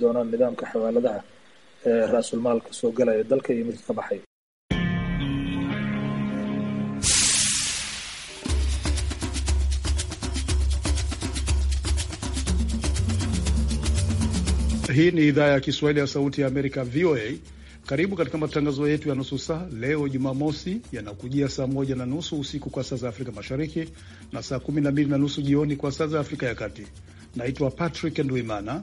doonaan nidaamka xawaaladaha ee raasulmaalka soo galaya dalka iyo mid ka baxay Hii ni idhaa ya Kiswahili ya Sauti ya Amerika, VOA. Karibu katika matangazo yetu ya nusu saa leo Jumamosi, yanakujia saa moja na nusu usiku kwa saa za Afrika Mashariki na saa kumi na mbili na nusu jioni kwa saa za Afrika ya Kati. Naitwa Patrick Ndwimana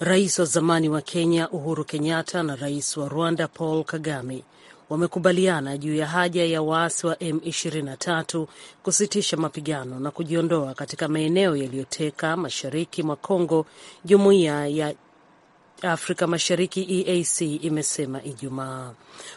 Rais wa zamani wa Kenya Uhuru Kenyatta na rais wa Rwanda Paul Kagame wamekubaliana juu ya haja ya waasi wa M23 kusitisha mapigano na kujiondoa katika maeneo yaliyoteka mashariki mwa Kongo, jumuiya ya Afrika Mashariki EAC imesema Ijumaa.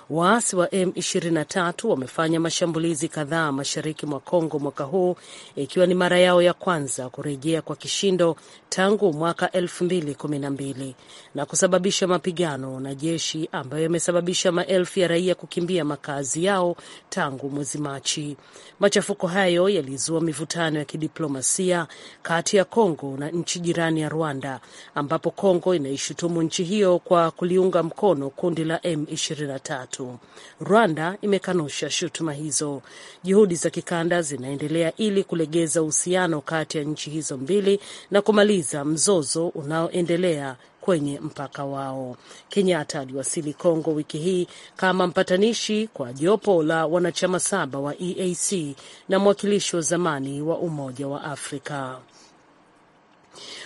Waasi wa M23 wamefanya mashambulizi kadhaa mashariki mwa Kongo mwaka huu ikiwa ni mara yao ya kwanza kurejea kwa kishindo tangu mwaka 2012 na kusababisha mapigano na jeshi ambayo yamesababisha maelfu ya raia kukimbia makazi yao tangu mwezi Machi. Machafuko hayo yalizua mivutano ya kidiplomasia kati ya Kongo na nchi jirani ya Rwanda ambapo Kongo inaishutumu imeituhumu nchi hiyo kwa kuliunga mkono kundi la M23. Rwanda imekanusha shutuma hizo. Juhudi za kikanda zinaendelea ili kulegeza uhusiano kati ya nchi hizo mbili na kumaliza mzozo unaoendelea kwenye mpaka wao. Kenyatta aliwasili Kongo wiki hii kama mpatanishi kwa jopo la wanachama saba wa EAC na mwakilishi wa zamani wa Umoja wa Afrika.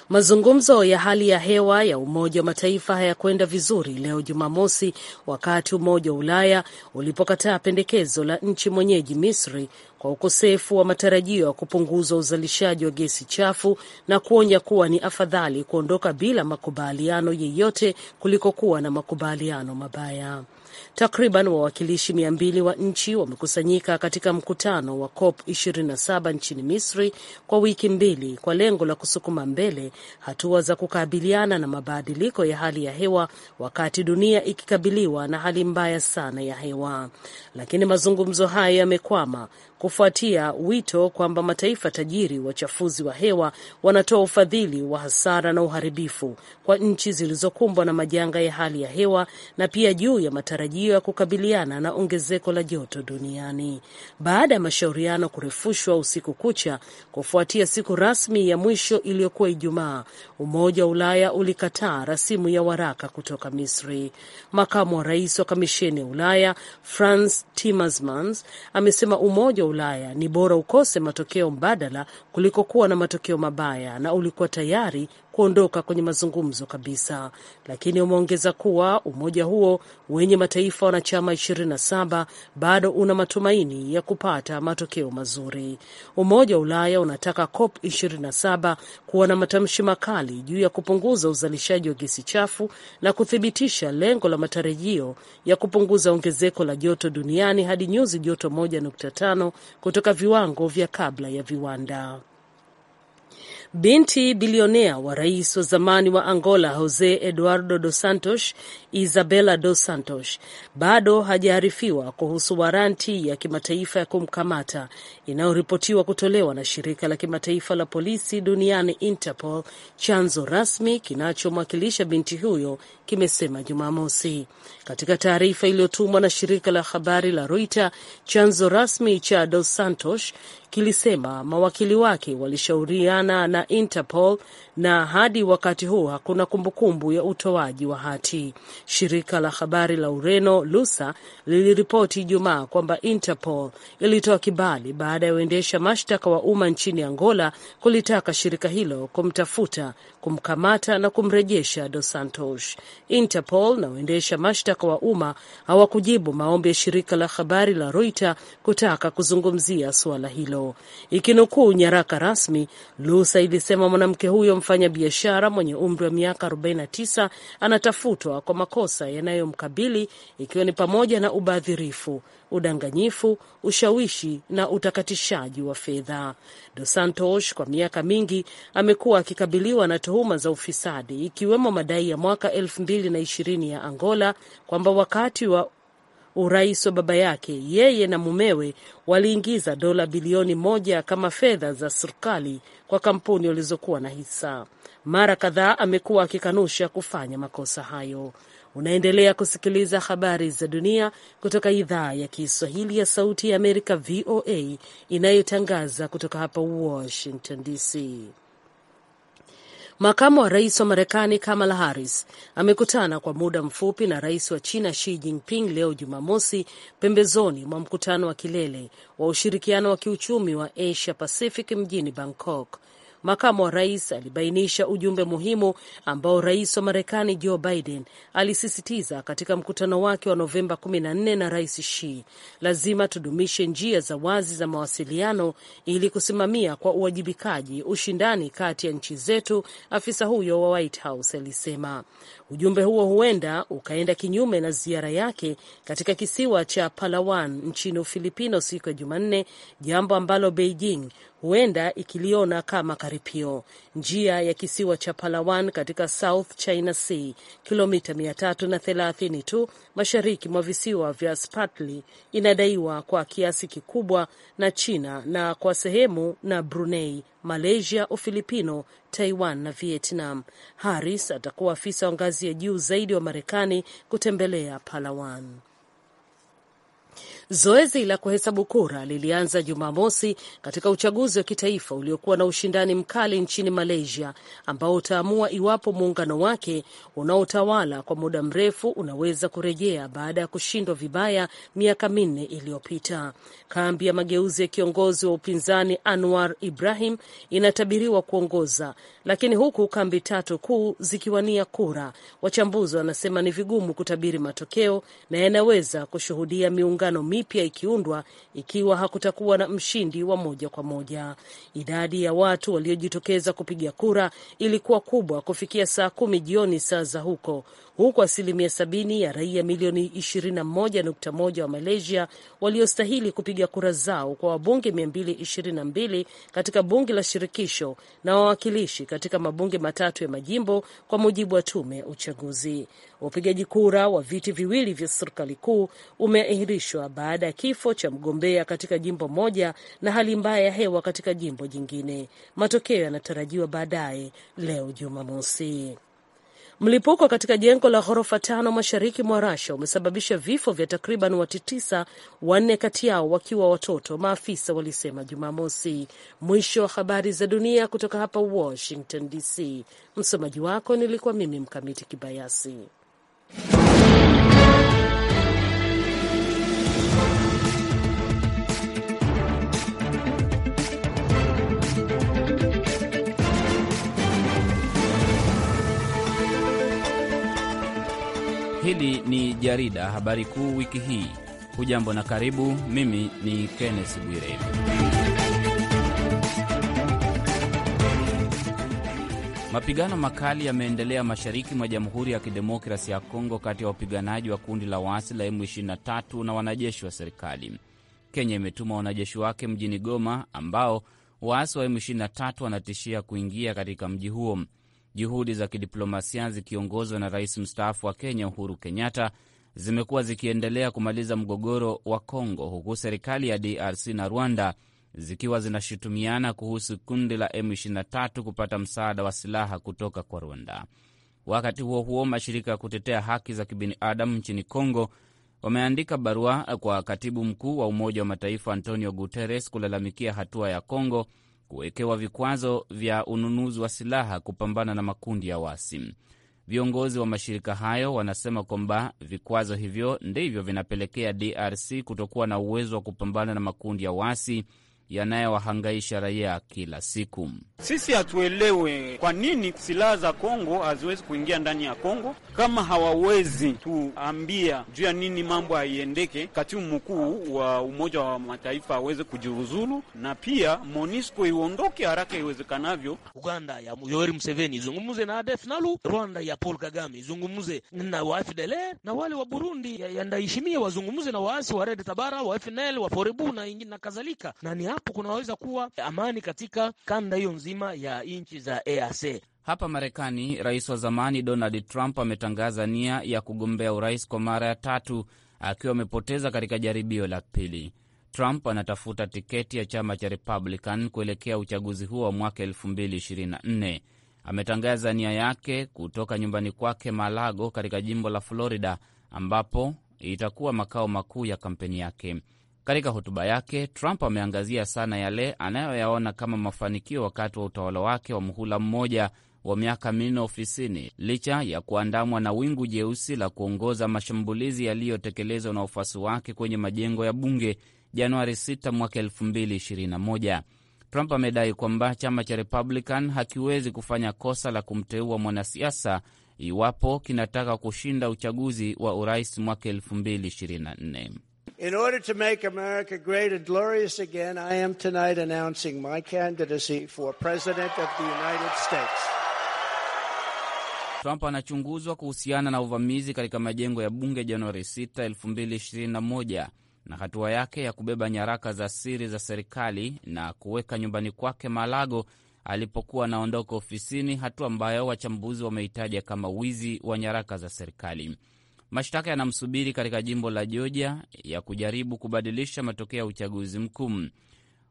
Mazungumzo ya hali ya hewa ya Umoja wa Mataifa hayakwenda vizuri leo Jumamosi, wakati Umoja wa Ulaya ulipokataa pendekezo la nchi mwenyeji Misri kwa ukosefu wa matarajio ya kupunguza uzalishaji wa gesi chafu na kuonya kuwa ni afadhali kuondoka bila makubaliano yeyote kuliko kuwa na makubaliano mabaya. Takriban wawakilishi mia mbili wa nchi wamekusanyika katika mkutano wa COP 27 nchini Misri kwa wiki mbili kwa lengo la kusukuma mbele hatua za kukabiliana na mabadiliko ya hali ya hewa wakati dunia ikikabiliwa na hali mbaya sana ya hewa. Lakini mazungumzo hayo yamekwama kufuatia wito kwamba mataifa tajiri wachafuzi wa hewa wanatoa ufadhili wa hasara na uharibifu kwa nchi zilizokumbwa na majanga ya hali ya hewa na pia juu ya matarajio ya kukabiliana na ongezeko la joto duniani. Baada ya mashauriano kurefushwa usiku kucha kufuatia siku rasmi ya mwisho iliyokuwa Ijumaa, Umoja wa Ulaya ulikataa rasimu ya waraka kutoka Misri. Makamu wa rais wa Kamisheni ya Ulaya Frans Timmermans amesema umoja Ulaya ni bora ukose matokeo mbadala kuliko kuwa na matokeo mabaya, na ulikuwa tayari kuondoka kwenye mazungumzo kabisa, lakini umeongeza kuwa umoja huo wenye mataifa wanachama 27 bado una matumaini ya kupata matokeo mazuri. Umoja wa Ulaya unataka COP 27 kuwa na matamshi makali juu ya kupunguza uzalishaji wa gesi chafu na kuthibitisha lengo la matarajio ya kupunguza ongezeko la joto duniani hadi nyuzi joto 1.5 kutoka viwango vya kabla ya viwanda. Binti bilionea wa rais wa zamani wa Angola Jose Eduardo dos Santos Isabella Dos Santos bado hajaarifiwa kuhusu waranti ya kimataifa ya kumkamata inayoripotiwa kutolewa na shirika la kimataifa la polisi duniani Interpol, chanzo rasmi kinachomwakilisha binti huyo kimesema Jumamosi. Katika taarifa iliyotumwa na shirika la habari la Reuters, chanzo rasmi cha Dos Santos kilisema mawakili wake walishauriana na Interpol na hadi wakati huu hakuna kumbukumbu ya utoaji wa hati. Shirika la habari la Ureno Lusa liliripoti Ijumaa kwamba Interpol ilitoa kibali baada ya waendesha mashtaka wa umma nchini Angola kulitaka shirika hilo kumtafuta, kumkamata na kumrejesha Dos Santos. Interpol na waendesha mashtaka wa umma hawakujibu maombi ya shirika la habari la Reuters kutaka kuzungumzia suala hilo. Ikinukuu nyaraka rasmi, Lusa ilisema mwanamke huyo mfanyabiashara mwenye umri wa miaka 49 anatafutwa kwa makosa yanayomkabili ikiwa ni pamoja na ubadhirifu, udanganyifu, ushawishi na utakatishaji wa fedha. Dos Santos kwa miaka mingi amekuwa akikabiliwa na tuhuma za ufisadi ikiwemo madai ya mwaka elfu mbili na ishirini ya Angola kwamba wakati wa urais wa baba yake yeye na mumewe waliingiza dola bilioni moja kama fedha za serikali kwa kampuni walizokuwa na hisa. Mara kadhaa amekuwa akikanusha kufanya makosa hayo. Unaendelea kusikiliza habari za dunia kutoka idhaa ya Kiswahili ya Sauti ya Amerika, VOA, inayotangaza kutoka hapa Washington DC. Makamu wa rais wa Marekani Kamala Harris amekutana kwa muda mfupi na rais wa China Xi Jinping leo Jumamosi, pembezoni mwa mkutano wa kilele wa ushirikiano wa kiuchumi wa Asia Pacific mjini Bangkok. Makamu wa rais alibainisha ujumbe muhimu ambao rais wa Marekani Joe Biden alisisitiza katika mkutano wake wa Novemba 14 na rais Xi: lazima tudumishe njia za wazi za mawasiliano ili kusimamia kwa uwajibikaji ushindani kati ya nchi zetu, afisa huyo wa White House alisema. Ujumbe huo huenda ukaenda kinyume na ziara yake katika kisiwa cha Palawan nchini Ufilipino siku ya Jumanne, jambo ambalo Beijing huenda ikiliona kama karipio. Njia ya kisiwa cha Palawan katika South China Sea, kilomita 330 tu mashariki mwa visiwa vya Spratly, inadaiwa kwa kiasi kikubwa na China na kwa sehemu na Brunei Malaysia, Ufilipino, Taiwan na Vietnam. Harris atakuwa afisa wa ngazi ya juu zaidi wa Marekani kutembelea Palawan. Zoezi la kuhesabu kura lilianza Jumamosi katika uchaguzi wa kitaifa uliokuwa na ushindani mkali nchini Malaysia, ambao utaamua iwapo muungano wake unaotawala kwa muda mrefu unaweza kurejea baada ya kushindwa vibaya miaka minne iliyopita. Kambi ya mageuzi ya kiongozi wa upinzani Anwar Ibrahim inatabiriwa kuongoza, lakini huku kambi tatu kuu zikiwania kura, wachambuzi wanasema ni vigumu kutabiri matokeo na yanaweza kushuhudia miungano mingi mipya ikiundwa ikiwa hakutakuwa na mshindi wa moja kwa moja. Idadi ya watu waliojitokeza kupiga kura ilikuwa kubwa kufikia saa kumi jioni saa za huko, huku asilimia sabini ya raia milioni 21.1 wa Malaysia waliostahili kupiga kura zao kwa wabunge 222 katika bunge la shirikisho na wawakilishi katika mabunge matatu ya majimbo, kwa mujibu wa tume ya uchaguzi. Upigaji kura wa viti viwili vya serikali kuu umeahirishwa baada ya kifo cha mgombea katika jimbo moja na hali mbaya ya hewa katika jimbo jingine. Matokeo yanatarajiwa baadaye leo Jumamosi. Mlipuko katika jengo la ghorofa tano mashariki mwa Rasha umesababisha vifo vya takriban watu tisa, wanne kati yao wakiwa watoto, maafisa walisema Jumamosi. Mwisho wa habari za dunia kutoka hapa Washington DC. Msomaji wako nilikuwa mimi Mkamiti Kibayasi. Hili ni jarida habari kuu wiki hii. Hujambo na karibu. Mimi ni Kenneth Bwire. Mapigano makali yameendelea mashariki mwa Jamhuri ya Kidemokrasi ya Kongo kati ya wapiganaji wa kundi la waasi la M23 na wanajeshi wa serikali. Kenya imetuma wanajeshi wake mjini Goma ambao waasi wa M23 wanatishia kuingia katika mji huo. Juhudi za kidiplomasia zikiongozwa na rais mstaafu wa Kenya Uhuru Kenyatta zimekuwa zikiendelea kumaliza mgogoro wa Kongo, huku serikali ya DRC na Rwanda zikiwa zinashutumiana kuhusu kundi la M23 kupata msaada wa silaha kutoka kwa Rwanda. Wakati huo huo, mashirika ya kutetea haki za kibinadamu nchini congo wameandika barua kwa katibu mkuu wa Umoja wa Mataifa Antonio Guterres kulalamikia hatua ya congo kuwekewa vikwazo vya ununuzi wa silaha kupambana na makundi ya wasi. Viongozi wa mashirika hayo wanasema kwamba vikwazo hivyo ndivyo vinapelekea DRC kutokuwa na uwezo wa kupambana na makundi ya wasi yanayowahangaisha raia kila siku. Sisi hatuelewe kwa nini silaha za Kongo haziwezi kuingia ndani ya Kongo. Kama hawawezi tuambia juu ya nini mambo haiendeke, katibu mkuu wa Umoja wa Mataifa aweze kujiuzulu na pia monisco iondoke haraka iwezekanavyo. Uganda ya Yoweri Museveni izungumze na ADF NALU, Rwanda ya Paul Kagame izungumze na wa FDLR, na wale wa Burundi ya Ndayishimiye wazungumze na waasi wa Red Tabara, wa FNL, wa Forebu na kadhalika na hapo kunaweza kuwa amani katika kanda hiyo nzima ya nchi za EAC. Hapa Marekani, rais wa zamani Donald Trump ametangaza nia ya kugombea urais kwa mara ya tatu akiwa amepoteza katika jaribio la pili. Trump anatafuta tiketi ya chama cha Republican kuelekea uchaguzi huo wa mwaka 2024. Ametangaza nia yake kutoka nyumbani kwake Malago katika jimbo la Florida, ambapo itakuwa makao makuu ya kampeni yake. Katika hotuba yake, Trump ameangazia sana yale anayoyaona kama mafanikio wakati wa utawala wake wa muhula mmoja wa miaka minne ofisini, licha ya kuandamwa na wingu jeusi la kuongoza mashambulizi yaliyotekelezwa na wafuasi wake kwenye majengo ya bunge Januari 6 mwaka 2021. Trump amedai kwamba chama cha Republican hakiwezi kufanya kosa la kumteua mwanasiasa iwapo kinataka kushinda uchaguzi wa urais mwaka 2024. In order to make America great and glorious again, I am tonight announcing my candidacy for President of the United States. Trump anachunguzwa kuhusiana na uvamizi katika majengo ya bunge Januari 6, 2021 na hatua yake ya kubeba nyaraka za siri za serikali na kuweka nyumbani kwake Malago alipokuwa anaondoka ofisini, hatua ambayo wachambuzi wameitaja kama wizi wa nyaraka za serikali. Mashtaka yanamsubiri katika jimbo la Georgia ya kujaribu kubadilisha matokeo ya uchaguzi mkuu.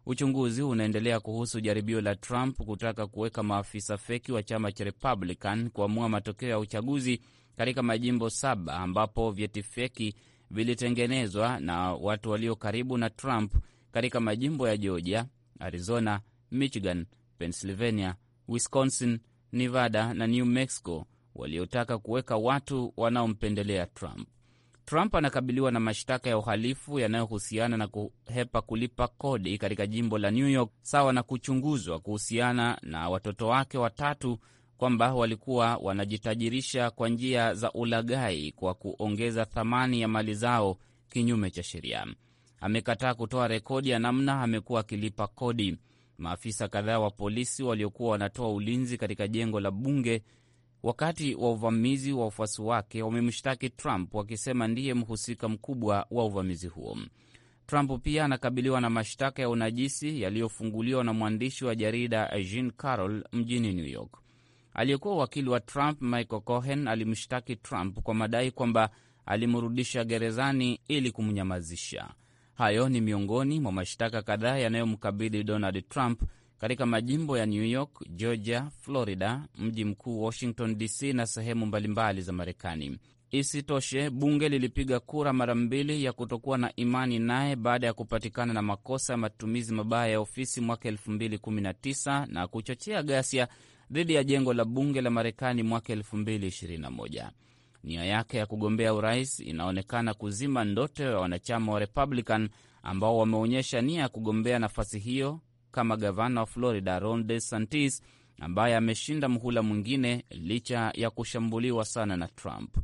Uchunguzi unaendelea kuhusu jaribio la Trump kutaka kuweka maafisa feki wa chama cha Republican kuamua matokeo ya uchaguzi katika majimbo saba ambapo vyeti feki vilitengenezwa na watu walio karibu na Trump katika majimbo ya Georgia, Arizona, Michigan, Pennsylvania, Wisconsin, Nevada na New Mexico waliotaka kuweka watu wanaompendelea Trump. Trump anakabiliwa na mashtaka ya uhalifu yanayohusiana na kuhepa kulipa kodi katika jimbo la New York, sawa na kuchunguzwa kuhusiana na watoto wake watatu kwamba walikuwa wanajitajirisha kwa njia za ulaghai kwa kuongeza thamani ya mali zao kinyume cha sheria. Amekataa kutoa rekodi ya namna amekuwa akilipa kodi. Maafisa kadhaa wa polisi waliokuwa wanatoa ulinzi katika jengo la bunge wakati wa uvamizi. Wa wafuasi wake wamemshtaki Trump wakisema ndiye mhusika mkubwa wa uvamizi huo. Trump pia anakabiliwa na mashtaka ya unajisi yaliyofunguliwa na mwandishi wa jarida Jean Carroll mjini New York. Aliyekuwa wakili wa Trump Michael Cohen alimshtaki Trump kwa madai kwamba alimrudisha gerezani ili kumnyamazisha. Hayo ni miongoni mwa mashtaka kadhaa yanayomkabili Donald Trump katika majimbo ya New York, Georgia, Florida, mji mkuu Washington DC na sehemu mbalimbali za Marekani. Isitoshe, bunge lilipiga kura mara mbili ya kutokuwa na imani naye baada ya kupatikana na makosa ya matumizi mabaya ya ofisi mwaka 2019 na kuchochea ghasia dhidi ya jengo la bunge la Marekani mwaka 2021. Nia yake ya kugombea urais inaonekana kuzima ndoto ya wanachama wa Republican ambao wameonyesha nia ya kugombea nafasi hiyo kama gavana wa Florida Ron De Santis, ambaye ameshinda mhula mwingine licha ya kushambuliwa sana na Trump.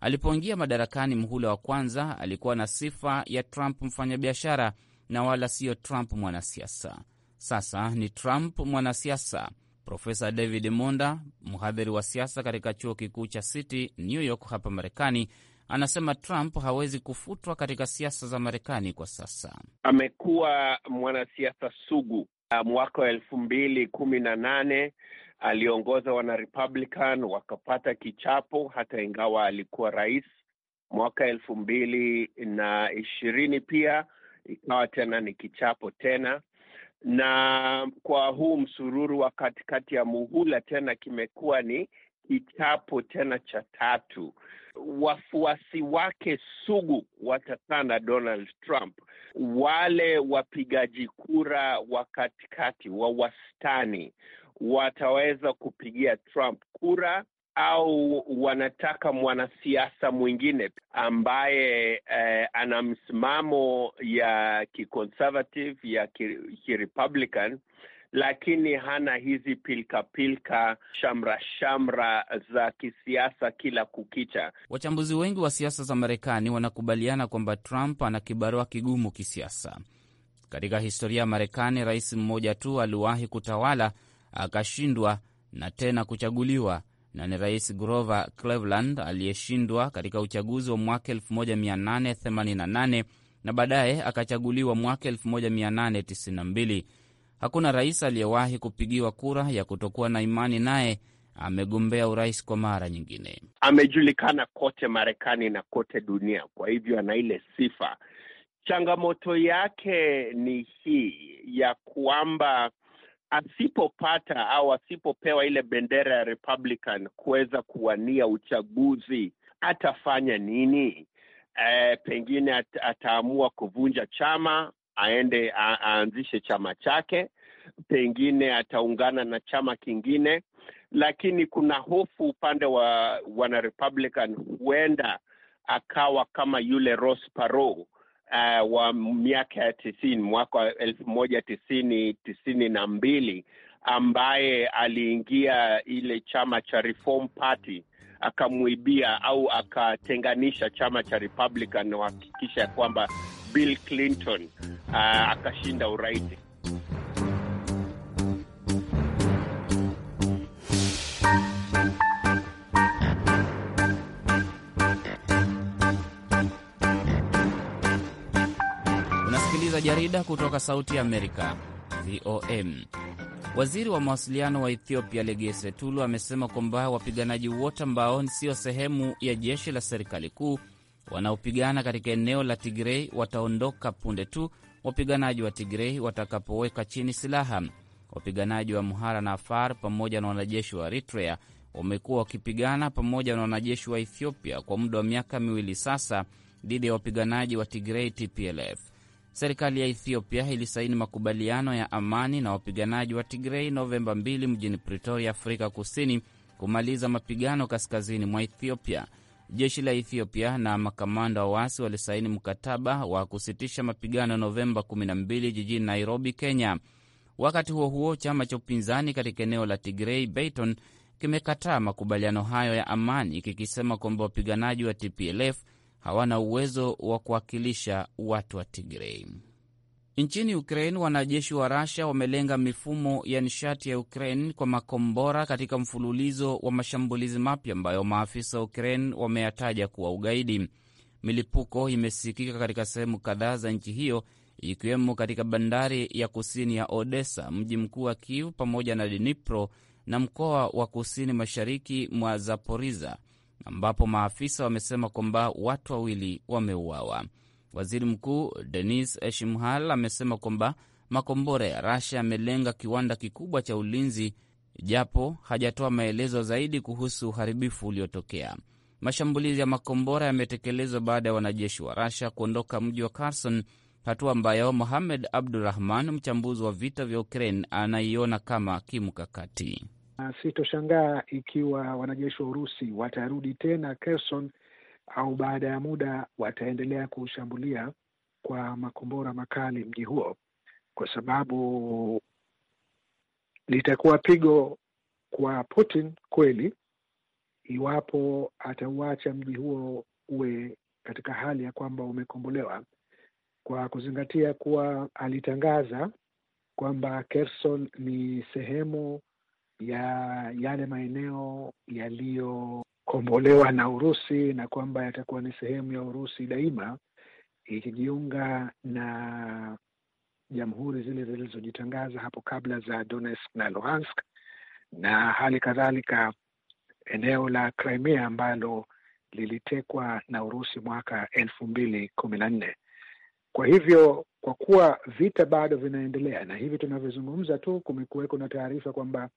Alipoingia madarakani mhula wa kwanza, alikuwa na sifa ya Trump mfanyabiashara na wala siyo Trump mwanasiasa. Sasa ni Trump mwanasiasa. Profesa David Monda, mhadhiri wa siasa katika chuo kikuu cha City New York hapa Marekani, anasema Trump hawezi kufutwa katika siasa za Marekani kwa sasa. Amekuwa mwanasiasa sugu Uh, mwaka wa elfu mbili kumi na nane aliongoza wanarepublican wakapata kichapo, hata ingawa alikuwa rais. Mwaka elfu mbili na ishirini pia ikawa tena ni kichapo tena, na kwa huu msururu wa katikati ya muhula tena kimekuwa ni kichapo tena cha tatu wafuasi wake sugu watakaa na Donald Trump. Wale wapigaji kura wa katikati wa wastani wataweza kupigia Trump kura au wanataka mwanasiasa mwingine ambaye eh, ana msimamo ya kiconservative ya kirepublican ki lakini hana hizi pilkapilka, shamra shamra za kisiasa kila kukicha. Wachambuzi wengi wa siasa za Marekani wanakubaliana kwamba Trump ana kibarua kigumu kisiasa. Katika historia ya Marekani, rais mmoja tu aliwahi kutawala akashindwa na tena kuchaguliwa, na ni Rais Grover Cleveland aliyeshindwa katika uchaguzi wa mwaka 1888 na baadaye akachaguliwa mwaka 1892. Hakuna rais aliyewahi kupigiwa kura ya kutokuwa na imani naye amegombea urais kwa mara nyingine. Amejulikana kote Marekani na kote dunia, kwa hivyo ana ile sifa. Changamoto yake ni hii ya kwamba asipopata au asipopewa ile bendera ya Republican kuweza kuwania uchaguzi atafanya nini? E, pengine at, ataamua kuvunja chama aende aanzishe chama chake, pengine ataungana na chama kingine, lakini kuna hofu upande wa wana Republican, huenda akawa kama yule Ross Perot uh, wa miaka ya tisini, mwaka wa elfu moja tisini tisini na mbili ambaye aliingia ile chama cha Reform Party akamwibia au akatenganisha chama cha Republican na kuhakikisha kwamba Bill Clinton uh, akashinda urais. Unasikiliza jarida kutoka Sauti ya Amerika, VOM. Waziri wa mawasiliano wa Ethiopia Legese Tulu amesema kwamba wapiganaji wote ambao sio sehemu ya jeshi la serikali kuu wanaopigana katika eneo la Tigrei wataondoka punde tu wapiganaji wa Tigrei watakapoweka chini silaha. Wapiganaji wa Amhara na Afar pamoja na wanajeshi wa Eritrea wamekuwa wakipigana pamoja na wanajeshi wa Ethiopia kwa muda wa miaka miwili sasa dhidi ya wapiganaji wa Tigrei, TPLF. Serikali ya Ethiopia ilisaini makubaliano ya amani na wapiganaji wa Tigrei Novemba 2 mjini Pretoria, Afrika Kusini, kumaliza mapigano kaskazini mwa Ethiopia. Jeshi la Ethiopia na makamanda wa waasi walisaini mkataba wa kusitisha mapigano Novemba 12 jijini Nairobi, Kenya. Wakati huo huo, chama cha upinzani katika eneo la Tigrei, Bayton, kimekataa makubaliano hayo ya amani kikisema kwamba wapiganaji wa TPLF hawana uwezo wa kuwakilisha watu wa Tigrei. Nchini Ukraine, wanajeshi wa rasha wamelenga mifumo ya nishati ya Ukraine kwa makombora katika mfululizo wa mashambulizi mapya ambayo maafisa wa Ukraine wameyataja kuwa ugaidi. Milipuko imesikika katika sehemu kadhaa za nchi hiyo ikiwemo katika bandari ya kusini ya Odessa, mji mkuu wa Kiev pamoja na Dnipro na mkoa wa kusini mashariki mwa Zaporiza, ambapo maafisa wamesema kwamba watu wawili wameuawa. Waziri Mkuu Denis Eshimhal amesema kwamba makombora ya Rasha yamelenga kiwanda kikubwa cha ulinzi, japo hajatoa maelezo zaidi kuhusu uharibifu uliotokea. Mashambulizi ya makombora yametekelezwa baada ya wanajeshi wa Rasha kuondoka mji wa Kherson, hatua ambayo Mohamed Abdurahman, mchambuzi wa vita vya Ukraine, anaiona kama kimkakati. Sitoshangaa ikiwa wanajeshi wa Urusi watarudi tena Kherson au baada ya muda wataendelea kuushambulia kwa makombora makali mji huo, kwa sababu litakuwa pigo kwa Putin kweli iwapo atauacha mji huo uwe katika hali ya kwamba umekombolewa, kwa kuzingatia kuwa alitangaza kwamba Kherson ni sehemu ya yale maeneo yaliyo kombolewa na Urusi na kwamba yatakuwa ni sehemu ya Urusi daima ikijiunga na jamhuri zile zilizojitangaza hapo kabla za Donetsk na Luhansk na hali kadhalika eneo la Crimea ambalo lilitekwa na Urusi mwaka elfu mbili kumi na nne. Kwa hivyo, kwa kuwa vita bado vinaendelea na hivi tunavyozungumza tu, kumekuweko na taarifa kwamba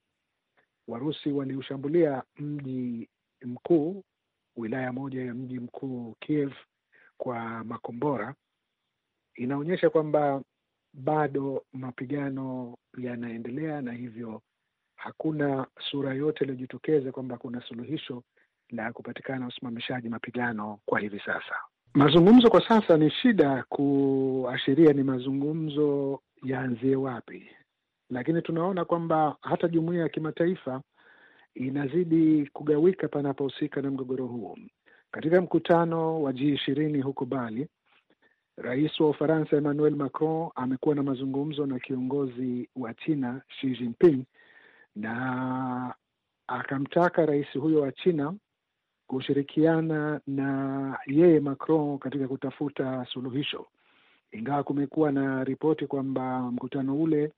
Warusi waliushambulia mji mkuu, wilaya moja ya mji mkuu Kiev kwa makombora, inaonyesha kwamba bado mapigano yanaendelea, na hivyo hakuna sura yote iliyojitokeza kwamba kuna suluhisho la kupatikana usimamishaji mapigano kwa hivi sasa. Mazungumzo kwa sasa ni shida kuashiria ni mazungumzo yaanzie wapi, lakini tunaona kwamba hata jumuiya ya kimataifa inazidi kugawika panapohusika na mgogoro huo. Katika mkutano wa G ishirini huko Bali, rais wa Ufaransa Emmanuel Macron amekuwa na mazungumzo na kiongozi wa China Xi Jinping na akamtaka rais huyo wa China kushirikiana na yeye Macron katika kutafuta suluhisho, ingawa kumekuwa na ripoti kwamba mkutano ule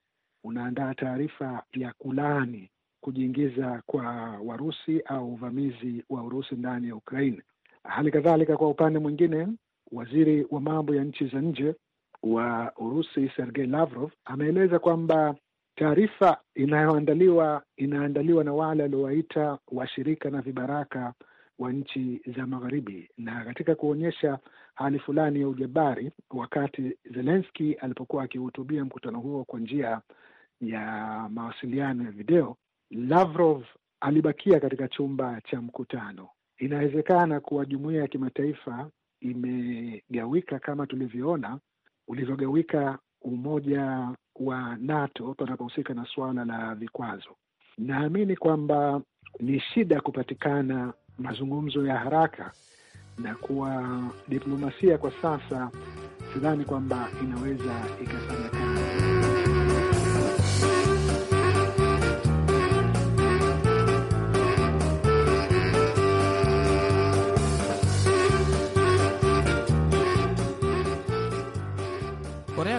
unaandaa taarifa ya kulaani kujiingiza kwa Warusi au uvamizi wa Urusi ndani ya Ukraine. Hali kadhalika, kwa upande mwingine, waziri wa mambo ya nchi za nje wa Urusi Sergei Lavrov ameeleza kwamba taarifa inayoandaliwa inaandaliwa na wale waliowaita washirika na vibaraka wa nchi za Magharibi, na katika kuonyesha hali fulani ya ujabari, wakati Zelenski alipokuwa akihutubia mkutano huo kwa njia ya mawasiliano ya video, Lavrov alibakia katika chumba cha mkutano. Inawezekana kuwa jumuiya ya kimataifa imegawika kama tulivyoona ulivyogawika umoja wa NATO panapohusika na suala la vikwazo. Naamini kwamba ni shida kupatikana mazungumzo ya haraka na kuwa diplomasia kwa sasa sidhani kwamba inaweza ikafanya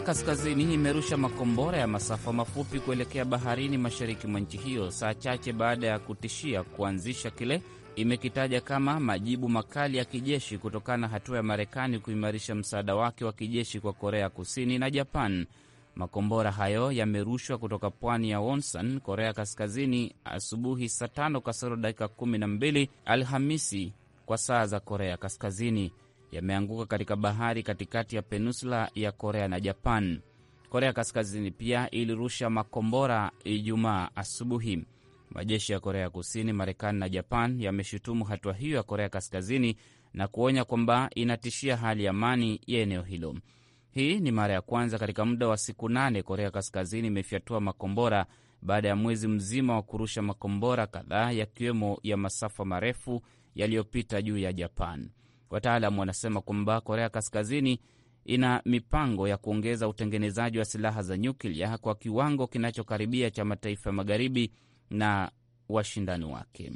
Kaskazini imerusha makombora ya masafa mafupi kuelekea baharini mashariki mwa nchi hiyo saa chache baada ya kutishia kuanzisha kile imekitaja kama majibu makali ya kijeshi kutokana na hatua ya Marekani kuimarisha msaada wake wa kijeshi kwa Korea Kusini na Japan. Makombora hayo yamerushwa kutoka pwani ya Wonsan, Korea Kaskazini, asubuhi saa tano kasoro dakika 12 Alhamisi kwa saa za Korea Kaskazini yameanguka katika bahari katikati ya peninsula ya Korea na Japan. Korea Kaskazini pia ilirusha makombora Ijumaa asubuhi. Majeshi ya Korea Kusini, Marekani na Japan yameshutumu hatua hiyo ya Korea Kaskazini na kuonya kwamba inatishia hali ya amani ya eneo hilo. Hii ni mara ya kwanza katika muda wa siku nane Korea Kaskazini imefyatua makombora baada ya mwezi mzima wa kurusha makombora kadhaa yakiwemo ya masafa marefu yaliyopita juu ya Japan. Wataalamu wanasema kwamba Korea Kaskazini ina mipango ya kuongeza utengenezaji wa silaha za nyuklia kwa kiwango kinachokaribia cha mataifa ya magharibi na washindani wake.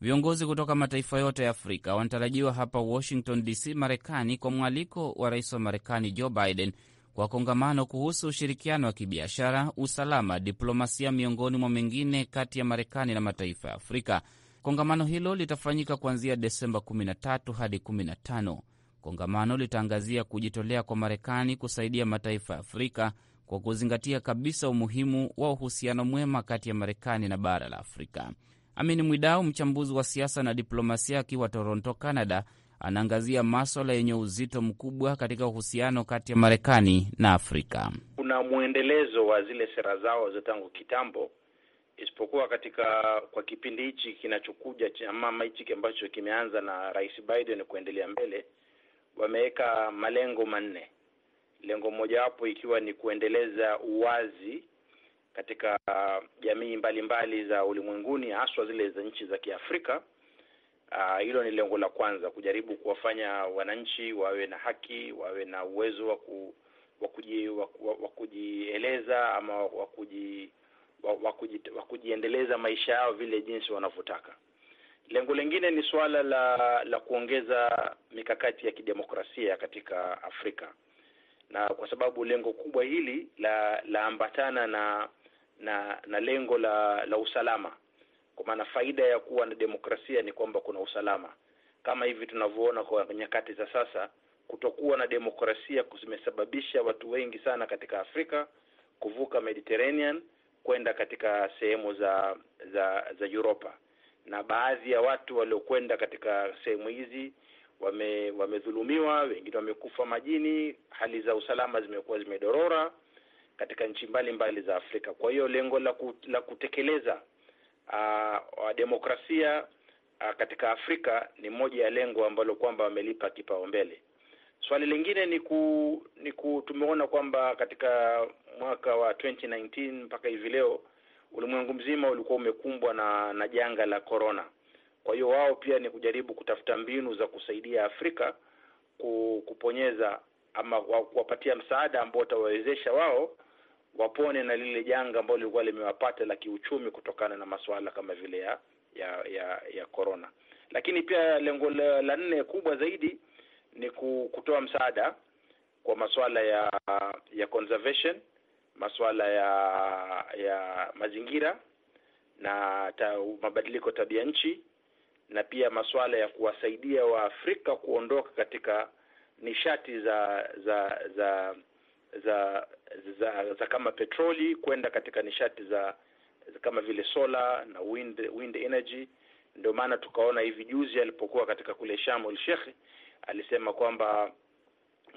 Viongozi kutoka mataifa yote ya Afrika wanatarajiwa hapa Washington DC, Marekani, kwa mwaliko wa rais wa Marekani Joe Biden kwa kongamano kuhusu ushirikiano wa kibiashara, usalama, diplomasia, miongoni mwa mengine kati ya Marekani na mataifa ya Afrika. Kongamano hilo litafanyika kuanzia Desemba 13 hadi 15. Kongamano litaangazia kujitolea kwa Marekani kusaidia mataifa ya Afrika kwa kuzingatia kabisa umuhimu wa uhusiano mwema kati ya Marekani na bara la Afrika. Amin Mwidau, mchambuzi wa siasa na diplomasia, akiwa Toronto, Canada, anaangazia maswala yenye uzito mkubwa katika uhusiano kati ya Marekani na Afrika. Kuna mwendelezo wa zile sera zao za tangu kitambo isipokuwa katika kwa kipindi hichi kinachokuja cha mama hichi ambacho kimeanza na Rais Biden kuendelea mbele, wameweka malengo manne, lengo mojawapo ikiwa ni kuendeleza uwazi katika jamii mbalimbali za ulimwenguni, haswa zile za nchi za Kiafrika. Ah, hilo ni lengo la kwanza, kujaribu kuwafanya wananchi wawe na haki, wawe na uwezo wa kujieleza wakuji, wakujieleza ama wakuji wa kujiendeleza maisha yao vile jinsi wanavyotaka. Lengo lingine ni suala la la kuongeza mikakati ya kidemokrasia katika Afrika, na kwa sababu lengo kubwa hili la laambatana na na na lengo la la usalama. Kwa maana faida ya kuwa na demokrasia ni kwamba kuna usalama, kama hivi tunavyoona kwa nyakati za sasa. Kutokuwa na demokrasia kumesababisha watu wengi sana katika Afrika kuvuka Mediterranean kwenda katika sehemu za za za Europa, na baadhi ya watu waliokwenda katika sehemu hizi wame- wamedhulumiwa, wengine wamekufa majini. Hali za usalama zimekuwa zimedorora katika nchi mbalimbali za Afrika. Kwa hiyo lengo la, ku, la kutekeleza aa, demokrasia aa, katika Afrika ni moja ya lengo ambalo kwamba wamelipa kipaumbele. Swali lingine ni ku, ni ku tumeona kwamba katika mwaka wa 2019 mpaka hivi leo ulimwengu mzima ulikuwa umekumbwa na na janga la corona. Kwa hiyo wao pia ni kujaribu kutafuta mbinu za kusaidia Afrika kuponyeza ama kuwapatia msaada ambao utawawezesha wao wapone na lile janga ambalo lilikuwa limewapata la kiuchumi kutokana na masuala kama vile ya ya ya ya corona. Lakini pia lengo la nne kubwa zaidi ni kutoa msaada kwa masuala ya ya conservation, masuala ya ya mazingira na ta, mabadiliko tabia nchi na pia masuala ya kuwasaidia Waafrika kuondoka katika nishati za za za za za, za, za kama petroli kwenda katika nishati za, za kama vile solar na wind, wind energy. Ndio maana tukaona hivi juzi alipokuwa katika kule Sharm el alisema kwamba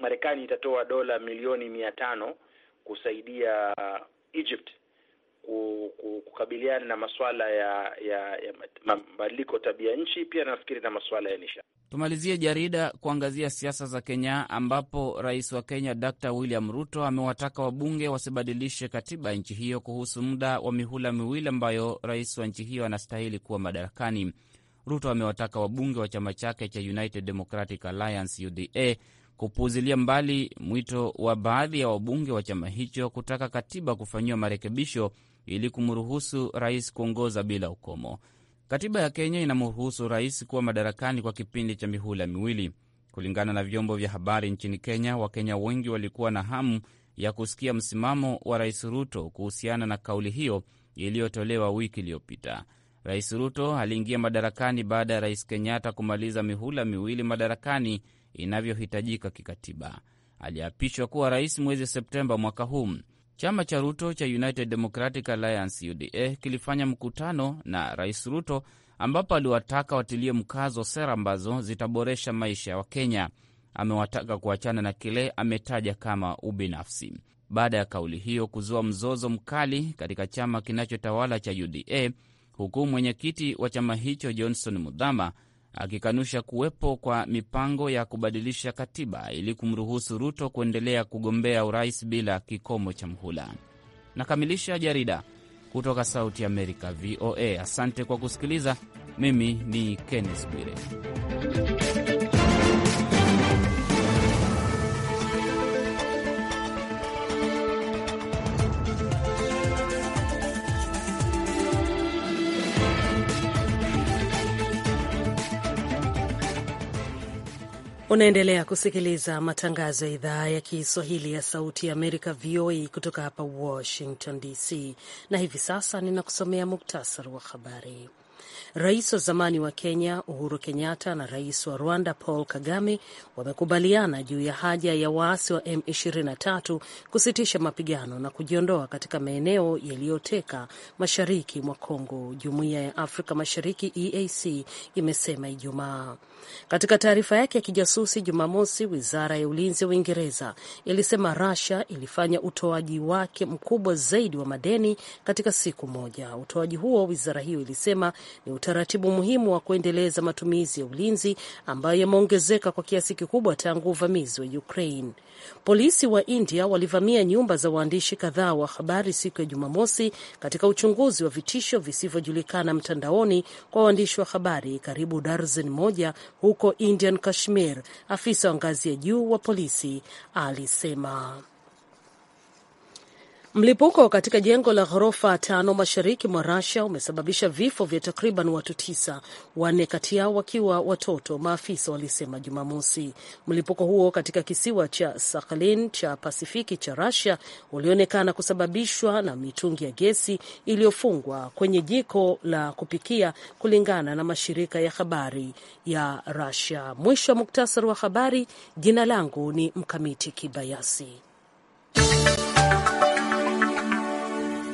Marekani itatoa dola milioni mia tano kusaidia Egypt kukabiliana na masuala ya ya, ya mabadiliko tabia nchi, pia nafikiri na masuala ya nisha Tumalizie jarida kuangazia siasa za Kenya, ambapo rais wa Kenya Dr William Ruto amewataka wabunge wasibadilishe katiba ya nchi hiyo kuhusu muda wa mihula miwili ambayo rais wa nchi hiyo anastahili kuwa madarakani. Ruto amewataka wabunge wa chama chake cha United Democratic Alliance UDA kupuuzilia mbali mwito wa baadhi ya wabunge wa chama hicho kutaka katiba kufanyiwa marekebisho ili kumruhusu rais kuongoza bila ukomo. Katiba ya Kenya inamruhusu rais kuwa madarakani kwa kipindi cha mihula miwili. Kulingana na vyombo vya habari nchini Kenya, Wakenya wengi walikuwa na hamu ya kusikia msimamo wa Rais Ruto kuhusiana na kauli hiyo iliyotolewa wiki iliyopita. Rais Ruto aliingia madarakani baada ya Rais Kenyatta kumaliza mihula miwili madarakani inavyohitajika kikatiba. Aliapishwa kuwa rais mwezi Septemba mwaka huu. Chama cha Ruto cha United Democratic Alliance UDA kilifanya mkutano na Rais Ruto ambapo aliwataka watilie mkazo sera ambazo zitaboresha maisha ya Wakenya. Amewataka kuachana na kile ametaja kama ubinafsi. Baada ya kauli hiyo kuzua mzozo mkali katika chama kinachotawala cha UDA huku mwenyekiti wa chama hicho Johnson Mudhama akikanusha kuwepo kwa mipango ya kubadilisha katiba ili kumruhusu Ruto kuendelea kugombea urais bila kikomo cha mhula. Nakamilisha jarida kutoka Sauti Amerika, VOA. Asante kwa kusikiliza. Mimi ni Kenneth Bwire. Unaendelea kusikiliza matangazo ya idhaa ya Kiswahili ya Sauti ya Amerika, VOA, kutoka hapa Washington DC, na hivi sasa ninakusomea muktasari wa habari. Rais wa zamani wa Kenya Uhuru Kenyatta na rais wa Rwanda Paul Kagame wamekubaliana juu ya haja ya waasi wa M23 kusitisha mapigano na kujiondoa katika maeneo yaliyoteka mashariki mwa Kongo, Jumuiya ya Afrika Mashariki EAC imesema Ijumaa. Katika taarifa yake ya kijasusi Jumamosi, wizara ya ulinzi ya Uingereza ilisema Russia ilifanya utoaji wake mkubwa zaidi wa madeni katika siku moja. Utoaji huo, wizara hiyo ilisema ni utaratibu muhimu wa kuendeleza matumizi ya ulinzi ambayo yameongezeka kwa kiasi kikubwa tangu uvamizi wa Ukraine. Polisi wa India walivamia nyumba za waandishi kadhaa wa habari siku ya Jumamosi katika uchunguzi wa vitisho visivyojulikana mtandaoni kwa waandishi wa habari karibu darzen moja huko Indian Kashmir, afisa wa ngazi ya juu wa polisi alisema. Mlipuko katika jengo la ghorofa tano mashariki mwa rasia umesababisha vifo vya takriban watu tisa, wanne kati yao wakiwa watoto, maafisa walisema Jumamosi. Mlipuko huo katika kisiwa cha Sakhalin cha Pasifiki cha Russia ulionekana kusababishwa na mitungi ya gesi iliyofungwa kwenye jiko la kupikia, kulingana na mashirika ya habari ya rasia Mwisho wa muktasari wa habari. Jina langu ni Mkamiti Kibayasi.